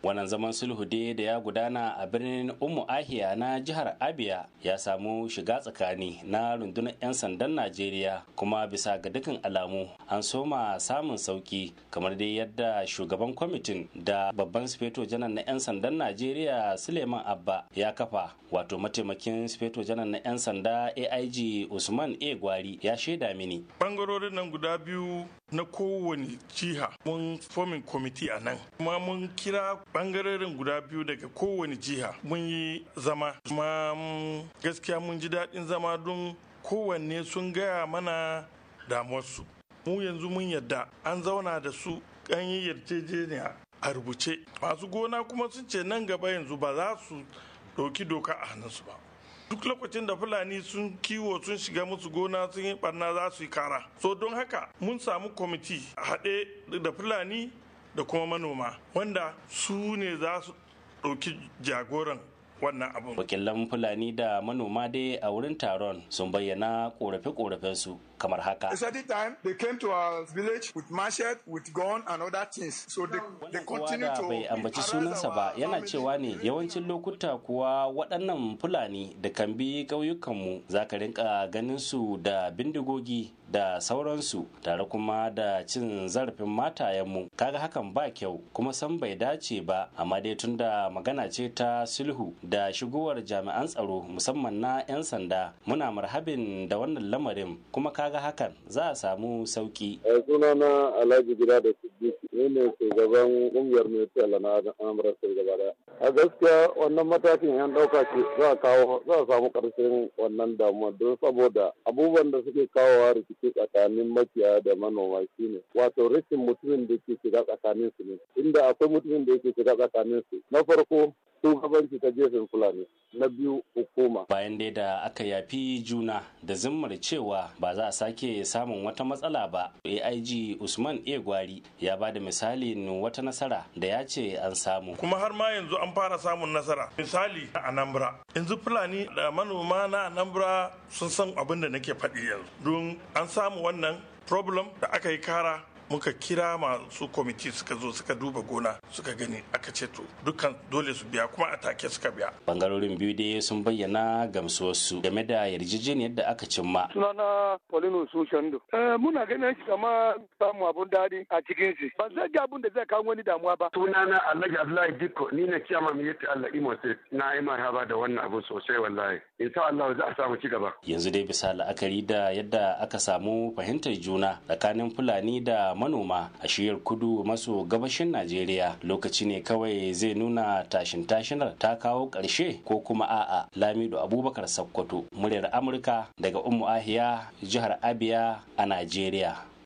wannan zaman sulhu dai da ya gudana a birnin umu ahiya na jihar abia ya samu shiga tsakani na rundunar 'yan sandan najeriya kuma bisa ga dukkan alamu an soma samun sauki kamar dai yadda shugaban kwamitin da babban sufeto janar na 'yan sandan najeriya suleiman abba ya kafa wato mataimakin sufeto janar na 'yan sanda aig usman a gwari ya shaida mini bangarorin nan guda biyu na kowane jiha mun forming committee a nan kuma mun kira bangarorin guda biyu daga kowane jiha mun yi zama kuma gaskiya mun ji daɗin zama don kowanne sun gaya mana damuwarsu mu yanzu mun yadda an zauna da su an yi yarjejeniya a rubuce masu gona kuma sun ce nan gaba yanzu ba za su ɗauki doka a hannunsu ba duk lokacin da fulani sun kiwo sun shiga musu gona sun yi barna za su yi kara so don haka mun samu kwamiti a haɗe da fulani da kuma manoma wanda su ne za su ɗauki jagoran wannan abin wakilan fulani da manoma dai a wurin taron sun bayyana ƙorafe-ƙorafensu kamar haka. Wannan kowa da bai ambaci sunansa ba yana cewa ne yawancin lokuta kuwa waɗannan Fulani da kan bi ƙauyukanmu za ka rinka ganin su da bindigogi da sauransu tare kuma da cin zarafin matayenmu kaga hakan ba kyau kuma san bai dace ba amma dai tun da magana ce ta sulhu da shigowar jami'an tsaro musamman na 'yan sanda muna marhabin da wannan lamarin kuma ka. ga hakan za a samu sauki. Eh, sunana alhaji gida da siddiqi ne ne shugaban ƙungiyar mai na amurka sai gaba daya a gaskiya wannan matakin yan dauka ce za a kawo za a samu karshen wannan damuwa don saboda abubuwan da suke kawowa rikici tsakanin makiya da manoma ne. wato rikin mutumin da ke shiga tsakanin su ne inda akwai mutumin da yake shiga tsakanin su na farko shugabanci ta gefen fulani na biyu hukuma. Bayan dai da aka yafi juna da zimmar cewa ba za a sake samun wata matsala ba, AIG Usman Egwari ya ba da misalin wata nasara da ya ce an samu. Kuma har ma yanzu an fara samun nasara. Misali a Anambra. Yanzu Fulani da manoma na Anambra sun san abin da nake faɗi yanzu. Don an samu wannan problem da aka yi kara muka kira masu kwamiti suka zo suka duba gona suka gani aka ce to dukkan dole su biya kuma a take suka biya bangarorin biyu dai sun bayyana gamsuwarsu game da yarjejeniyar da aka cimma sunana polino su shando eh, muna ganin shi kama samu abun daɗi a cikin shi ban zai abun da zai kawo wani damuwa ba sunana alhaji abdullahi dikko ni ne ciyama mai yadda allah imo na yi haba da wannan abu sosai wallahi insha allah za a samu ci gaba yanzu dai bisa la'akari da yadda aka samu fahimtar juna tsakanin fulani da manoma a shiyar kudu maso gabashin najeriya lokaci ne kawai zai nuna tashin tashinar ta kawo ƙarshe ko kuma a'a lamido abubakar sakkwato muryar amurka daga umu ahiya jihar abia a najeriya